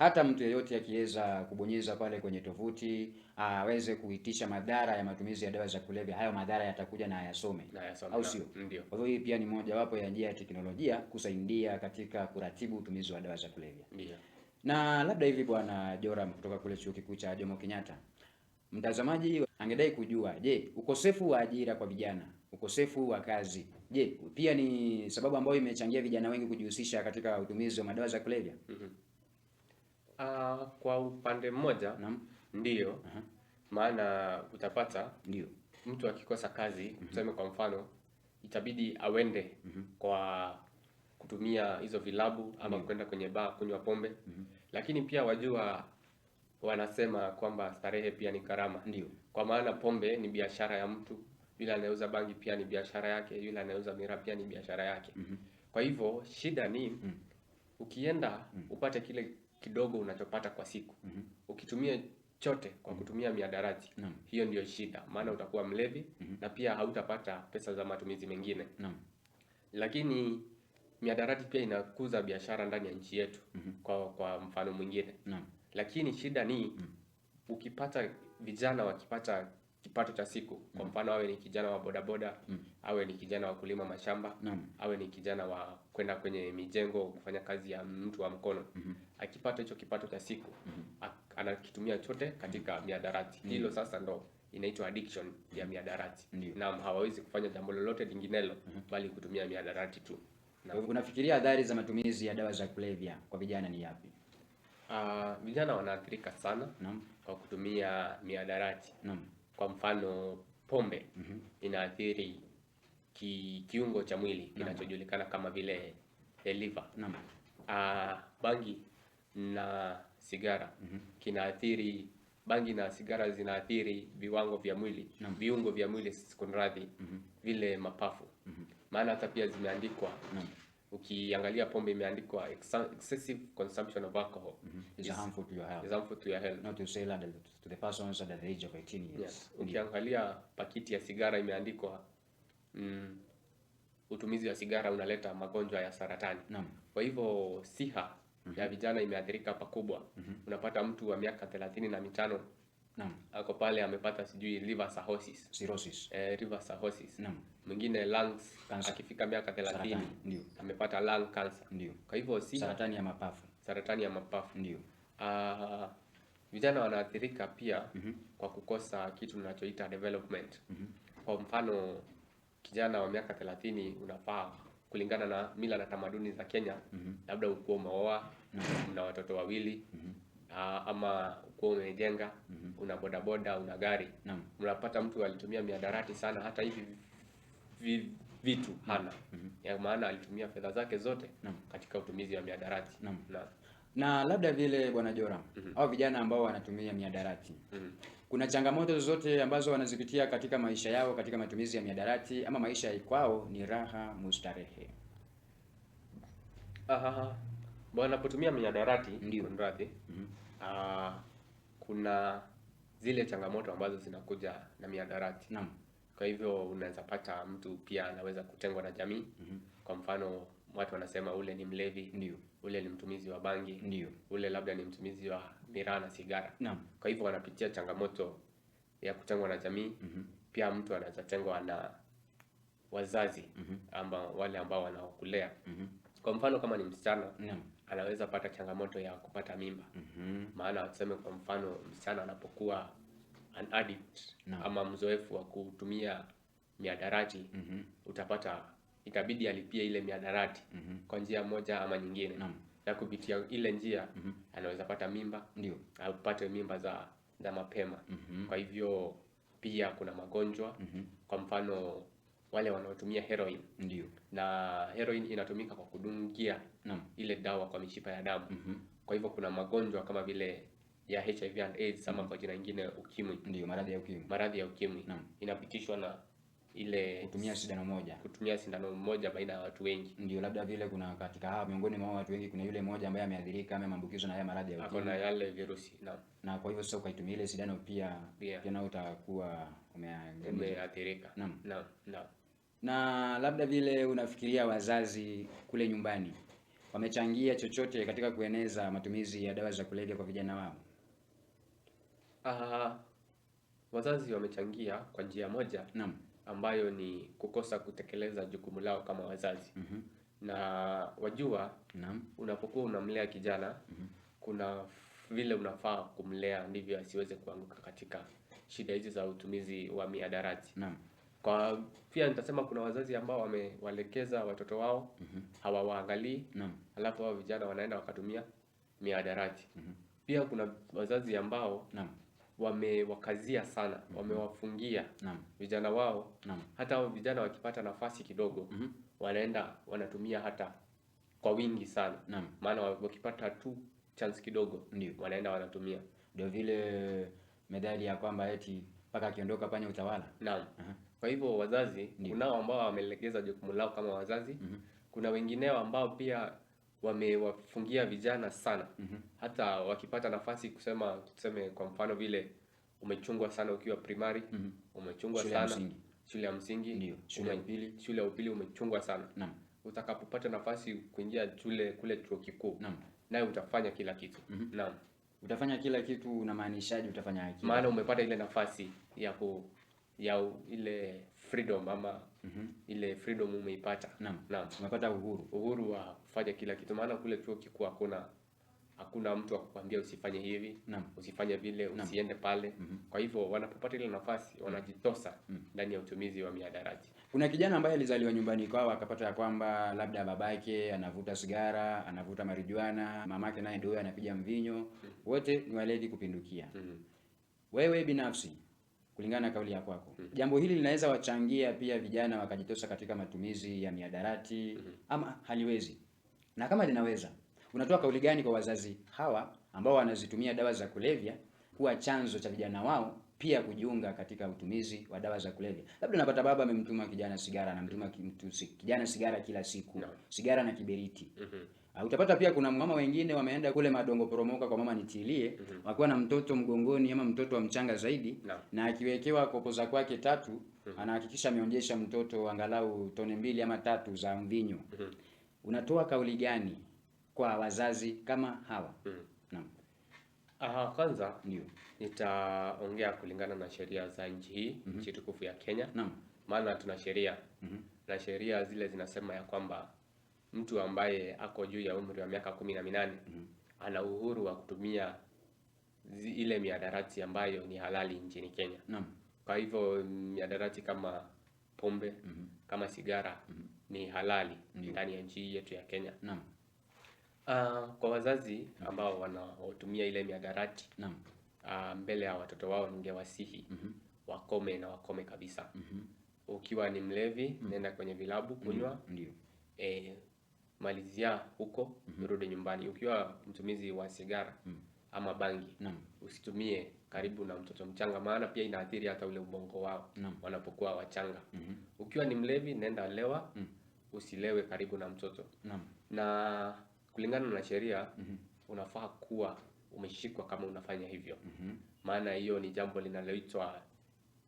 hata mtu yeyote akiweza kubonyeza pale kwenye tovuti aweze kuitisha madhara ya matumizi ya dawa za kulevya, hayo madhara yatakuja na ayasome, au sio? Kwa hivyo hii pia ni mojawapo ya njia ya teknolojia kusaidia katika kuratibu utumizi wa dawa za kulevya. Ndiyo. Na labda hivi Bwana Joram kutoka kule Chuo Kikuu cha Jomo Kenyatta, mtazamaji angedai kujua, je, ukosefu wa ajira kwa vijana, ukosefu wa kazi, je, pia ni sababu ambayo imechangia vijana wengi kujihusisha katika utumizi wa madawa za kulevya? mm -hmm. Uh, kwa upande mmoja ndio Maana utapata ndio mtu akikosa kazi mm -hmm. tuseme kwa mfano itabidi awende mm -hmm. kwa kutumia hizo vilabu ama mm -hmm. kwenda kwenye baa kunywa pombe mm -hmm. lakini pia wajua wanasema kwamba starehe pia ni karama. ndio Kwa maana pombe ni biashara ya mtu, yule anayeuza bangi pia ni biashara yake, yule anayeuza miraa pia ni biashara yake mm -hmm. kwa hivyo shida ni mm -hmm. ukienda mm -hmm. upate kile kidogo unachopata kwa siku mm -hmm. ukitumia chote kwa mhm. kutumia miadarati -hmm. hiyo ndio shida, maana utakuwa mlevi mm -hmm. na pia hautapata pesa za matumizi mengine -hmm. Lakini miadarati pia inakuza biashara ndani ya nchi yetu mm -hmm. kwa, kwa mfano mwingine -hmm. Lakini shida ni mm -hmm. ukipata vijana wakipata kipato cha siku kwa mm. mfano, awe ni kijana wa bodaboda mm. awe ni kijana wa kulima mashamba mm. awe ni kijana wa kwenda kwenye mijengo kufanya kazi ya mtu wa mkono mm -hmm. akipata hicho kipato cha siku mm -hmm. anakitumia chote katika mm-hmm. miadarati mm mm-hmm. hilo Sasa ndo inaitwa addiction ya mm-hmm. miadarati mm -hmm. na hawawezi kufanya jambo lolote linginelo mm -hmm. bali kutumia miadarati tu. Na unafikiria adhari za matumizi ya dawa za kulevya kwa vijana ni yapi? Uh, vijana wanaathirika sana kwa kutumia miadarati kwa mfano pombe mm -hmm. inaathiri ki, kiungo cha mwili kinachojulikana kama vile the liver. Naam. Ah, bangi na sigara mm -hmm. kinaathiri bangi na sigara zinaathiri viwango vya mwili Naam. viungo vya mwili kunradhi mm -hmm. vile mapafu mm -hmm. maana hata pia zimeandikwa Ukiangalia pombe imeandikwa excessive consumption of alcohol mm -hmm. is harmful to your health, is harmful to your health. Not to say that the person is under the age of 18 years. Yes. Ukiangalia pakiti ya sigara imeandikwa mm, utumizi wa sigara unaleta magonjwa ya saratani. Naam. Kwa hivyo siha mm -hmm. ya mhm. vijana imeathirika pakubwa. mm -hmm. Unapata mtu wa miaka 35 na mitano Naam. Ako pale amepata sijui liver cirrhosis. Cirrhosis. Eh, liver cirrhosis. Naam. Mwingine lungs cancer. Akifika miaka 30 ndio amepata lung cancer. Ndio. Kwa hivyo si saratani ya mapafu. Saratani ya mapafu. Ndio. Ah, uh, vijana wanaathirika pia mm -hmm. kwa kukosa kitu tunachoita development mm -hmm. kwa mfano kijana wa miaka 30 unafaa kulingana na mila na tamaduni za Kenya mm -hmm. labda ukuwa umeoa mm -hmm. una watoto wawili mm -hmm. uh, ama ukuwa umejenga mm -hmm. una bodaboda una gari mm -hmm. unapata mtu alitumia miadarati sana, hata hivi vi, vitu hana mm -hmm. ya maana alitumia fedha zake zote mm -hmm. katika utumizi wa miadarati mm -hmm. na na labda vile Bwana jora mm -hmm. au vijana ambao wanatumia miadarati mm -hmm. kuna changamoto zozote ambazo wanazipitia katika maisha yao katika matumizi ya miadarati ama maisha kwao ni raha mustarehe? Aha, wanapotumia miadarati ndio mm -hmm. uh, kuna zile changamoto ambazo zinakuja na miadarati naam. Kwa hivyo unaweza pata mtu pia anaweza kutengwa na jamii mm -hmm. kwa mfano watu wanasema ule ni mlevi, ndio ule ni mtumizi wa bangi, ndio ule labda ni mtumizi wa miraa na sigara. Naam. Kwa hivyo wanapitia changamoto ya kutengwa na jamii. mm -hmm. Pia mtu anaweza tengwa na wazazi mm -hmm. amba wale ambao wanaokulea mm -hmm. Kwa mfano kama ni msichana Naam. anaweza pata changamoto ya kupata mimba mm -hmm. maana tuseme kwa mfano msichana anapokuwa an addict ama mzoefu wa kutumia miadaraji mm -hmm. utapata ikabidi alipie ile miadarati mm -hmm. kwa njia moja ama nyingine no. na kupitia ile njia mm -hmm. anaweza pata mimba ndio apate mimba za za mapema mm -hmm. kwa hivyo pia kuna magonjwa mm -hmm. kwa mfano wale wanaotumia heroin ndio na heroin inatumika kwa kudungia no. ile dawa kwa mishipa ya damu mm -hmm. kwa hivyo kuna magonjwa kama vile ya HIV and AIDS ama mhm. kwa jina nyingine ukimwi ndio maradhi ya ukimwi maradhi ya ukimwi no. inapitishwa na ile kutumia sindano moja, kutumia sindano moja baina ya watu wengi. Ndio labda vile kuna katika hawa ah, miongoni mwa watu wengi kuna yule mmoja ambaye ameathirika ama maambukizo na haya maradhi ya ukimwi akona yale virusi na, na kwa hivyo sasa ukaitumia ile sindano pia yeah, pia nao utakuwa umeathirika. Naam, naam, naam. Na labda vile unafikiria wazazi kule nyumbani wamechangia chochote katika kueneza matumizi ya dawa za kulevya kwa vijana wao? Uh, wazazi wamechangia kwa njia moja. Naam ambayo ni kukosa kutekeleza jukumu lao kama wazazi mm -hmm. na wajua Naam. unapokuwa unamlea kijana mm -hmm. kuna vile unafaa kumlea ndivyo asiweze kuanguka katika shida hizi za utumizi wa miadarati Naam. Kwa pia nitasema kuna wazazi ambao wamewalekeza watoto wao mm -hmm. hawawaangalii Naam. alafu hao vijana wanaenda wakatumia miadarati mm -hmm. pia kuna wazazi ambao Naam wamewakazia sana, mhm. wamewafungia vijana wao. Hata hao vijana wakipata nafasi kidogo mhm. wanaenda wanatumia hata kwa wingi sana, maana wakipata tu chance kidogo wanaenda wanatumia, ndio vile medali ya kwamba eti mpaka akiondoka panya utawala. Naam. Kwa hivyo wazazi, kunao ambao wamelegeza jukumu lao kama wazazi, mhm. kuna wengineo ambao pia wamewafungia vijana sana mm -hmm. Hata wakipata nafasi kusema, tuseme kwa mfano vile umechungwa sana ukiwa primary mm -hmm. umechungwa shule sana msingi. shule ya msingi, shule ya upili, shule ya upili umechungwa sana Utakapopata nafasi kuingia shule kule chuo kikuu naye utafanya kila kitu mm -hmm. naam, utafanya kila kitu. Unamaanishaje utafanya kila? Maana umepata ile nafasi ya ku ya ile freedom ama -hmm. ile freedom umeipata. Naam. Naam. Umepata uhuru. Uhuru wa kufanya kila kitu, maana kule chuo kikuu hakuna hakuna mtu akukwambia usifanye hivi Naam. usifanye vile usiende pale mm -hmm. Kwa hivyo wanapopata ile nafasi mm. wanajitosa mm. ndani mm -hmm. ya utumizi wa miadaraji Kuna kijana ambaye alizaliwa nyumbani kwao akapata ya kwamba labda babake anavuta sigara, anavuta marijuana, mamake naye ndio anapiga mvinyo mm -hmm. wote ni walevi kupindukia mm -hmm. wewe binafsi kulingana na kauli ya kwako. mm -hmm. Jambo hili linaweza wachangia pia vijana wakajitosa katika matumizi ya miadarati mm -hmm. ama haliwezi? Na kama linaweza, unatoa kauli gani kwa wazazi hawa ambao wanazitumia dawa za kulevya kuwa chanzo cha vijana wao pia kujiunga katika utumizi wa dawa za kulevya. Labda napata baba amemtuma kijana sigara, anamtuma kijana sigara kila siku no. sigara na kiberiti mm -hmm. Uh, utapata pia kuna mama wengine wameenda kule madongo poromoka kwa mama nitilie, mm -hmm. wakiwa na mtoto mgongoni ama mtoto wa mchanga zaidi no. na akiwekewa kopoza kwake tatu mm -hmm. anahakikisha ameonjesha mtoto angalau tone mbili ama tatu za mvinyo mm -hmm. unatoa kauli gani kwa wazazi kama hawa? mm -hmm. Naam. Aha, kwanza ndio nitaongea kulingana na sheria za nchi hii mm -hmm. nchi tukufu ya Kenya. Naam. maana tuna sheria mm -hmm. na sheria zile zinasema ya kwamba mtu ambaye ako juu ya umri wa miaka kumi na minane mm ana uhuru wa kutumia zi, ile miadarati ambayo ni halali nchini Kenya Naam. Kwa hivyo miadarati kama pombe mm -hmm. kama sigara mm -hmm. ni halali ndani mm -hmm. ya nchi yetu ya Kenya Naam. Uh, kwa wazazi ambao wanaotumia ile miadarati Naam. Uh, mbele ya watoto wao ningewasihi mm -hmm. wakome na wakome kabisa mm -hmm. Ukiwa ni mlevi mm -hmm. nenda kwenye vilabu kunywa mm -hmm. E, malizia huko mm -hmm. nyumbani. Ukiwa mtumizi wa sigara mm -hmm. ama bangi mm -hmm. usitumie karibu na mtoto mchanga, maana pia inaathiri hata ule ubongo wao mm -hmm. wanapokuwa wachanga mm -hmm. ukiwa ni mlevi, nenda lewa mm -hmm. usilewe karibu na mtoto mm -hmm. na kulingana na sheria mm -hmm. unafaa kuwa umeshikwa kama unafanya hivyo mm -hmm. maana hiyo ni jambo linaloitwa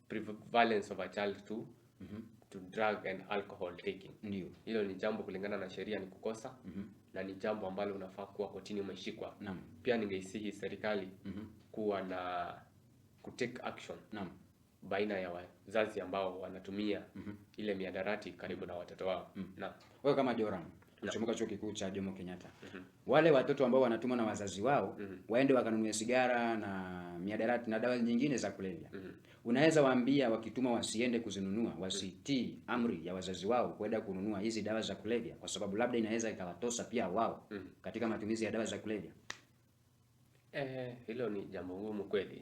prevalence of a child to mm -hmm to drug and alcohol taking. Ndio. Hilo ni jambo kulingana na sheria ni kukosa mm -hmm. na ni jambo ambalo unafaa kuwa kotini umeshikwa. Naam. Pia ningeisihi serikali mm -hmm. kuwa na ku take action. Naam. baina ya wazazi ambao wanatumia mm -hmm. ile miadarati karibu na watoto wao. Mm. Naam. Wewe kama Joram mm kuchomoka chuo kikuu cha Jomo Kenyatta. mm -hmm. Wale watoto ambao wanatumwa na wazazi wao mm -hmm. waende wakanunue sigara na miadarati na dawa nyingine za kulevya mm -hmm. unaweza waambia wakitumwa wasiende kuzinunua, wasitii amri ya wazazi wao kwenda kununua hizi dawa za kulevya, kwa sababu labda inaweza ikawatosa pia wao mm -hmm. katika matumizi ya dawa za kulevya. Eh, hilo ni jambo ngumu kweli.